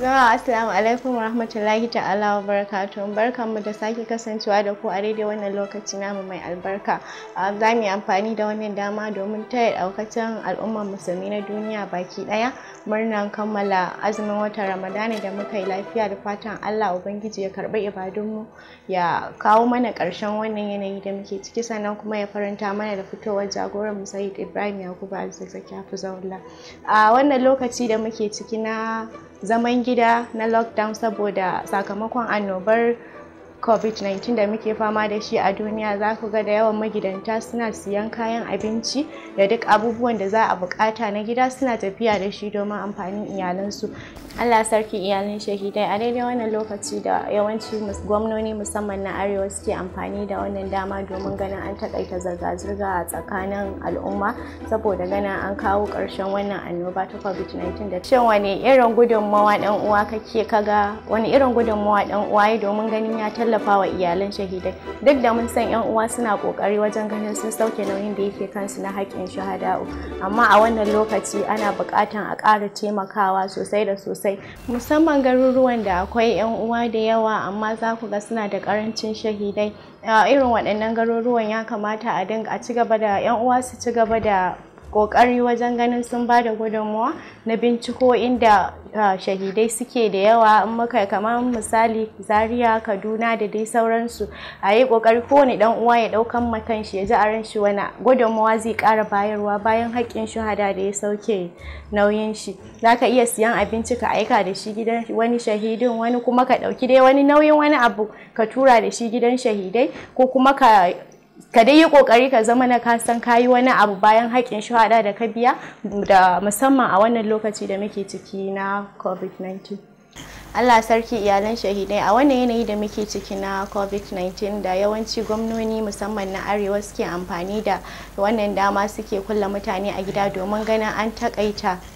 Jama'a Assalamu alaikum wa rahmatullahi ta'ala wa barkan mu da sake kasancewa da ku a daidai wannan lokaci namu mai albarka. Za mu yi amfani da wannan dama domin taya daukacin al'ummar musulmi na duniya baki daya murnan kammala azumin watan Ramadana da muka yi lafiya da fatan Allah Ubangiji ya karbi ibadunmu ya kawo mana karshen wannan yanayi da muke ciki sannan kuma ya faranta mana da fitowar jagoran musayid Ibrahim Yakubu Aziz Hafizahullah. A wannan lokaci da muke ciki na zaman gida na lockdown saboda sakamakon annobar covid-19 da muke fama da shi a duniya za ku ga da yawan magidanta suna siyan kayan abinci da duk abubuwan da za a bukata na gida suna tafiya da shi domin amfanin iyalansu allah sarki iyalin shahidai a daidai wannan lokaci da yawanci gwamnoni musamman na arewa suke amfani da wannan dama domin ganin an takaita zirga-zirga a tsakanin al'umma saboda ganin an kawo ƙarshen wannan annoba ta covid-19 da shin wani irin gudunmawa dan uwa kake kaga wani irin gudunmawa dan uwa domin ganin ya tallafa iyalan shahidai duk da mun san 'yan uwa suna kokari wajen ganin sun sauke nauyin da yake kansu na haƙƙin shahada'u amma a wannan lokaci ana buƙatan a ƙara taimakawa sosai da sosai musamman garuruwan da akwai 'yan uwa da yawa amma za ku ga suna da karancin shahidai a irin waɗannan garuruwan ya kamata a ci gaba da 'yan uwa su ci gaba da kokari wajen ganin sun ba da gudunmuwa na binciko inda shahidai suke da yawa in muka kamar misali zaria kaduna da dai sauransu a yi kokari kowane dan uwa ya daukan makan shi ya ji a ran shi wani gudunmuwa zai kara bayarwa bayan haƙƙin shuhada da ya sauke nauyin shi za ka iya siyan abinci ka aika da shi gidan wani shahidin wani kuma ka ɗauki dai wani nauyin wani abu ka tura da shi gidan shahidai ko kuma ka ka dai yi kokari ka zama na kasan kayi wani abu bayan haƙƙin shahada da ka biya da musamman a wannan lokaci da muke ciki na covid-19 Allah sarki iyalan shahidai a wannan yanayi da muke ciki na covid-19 da yawanci gwamnoni musamman na arewa suke amfani da wannan dama suke kulla mutane a gida domin ganin an taƙaita.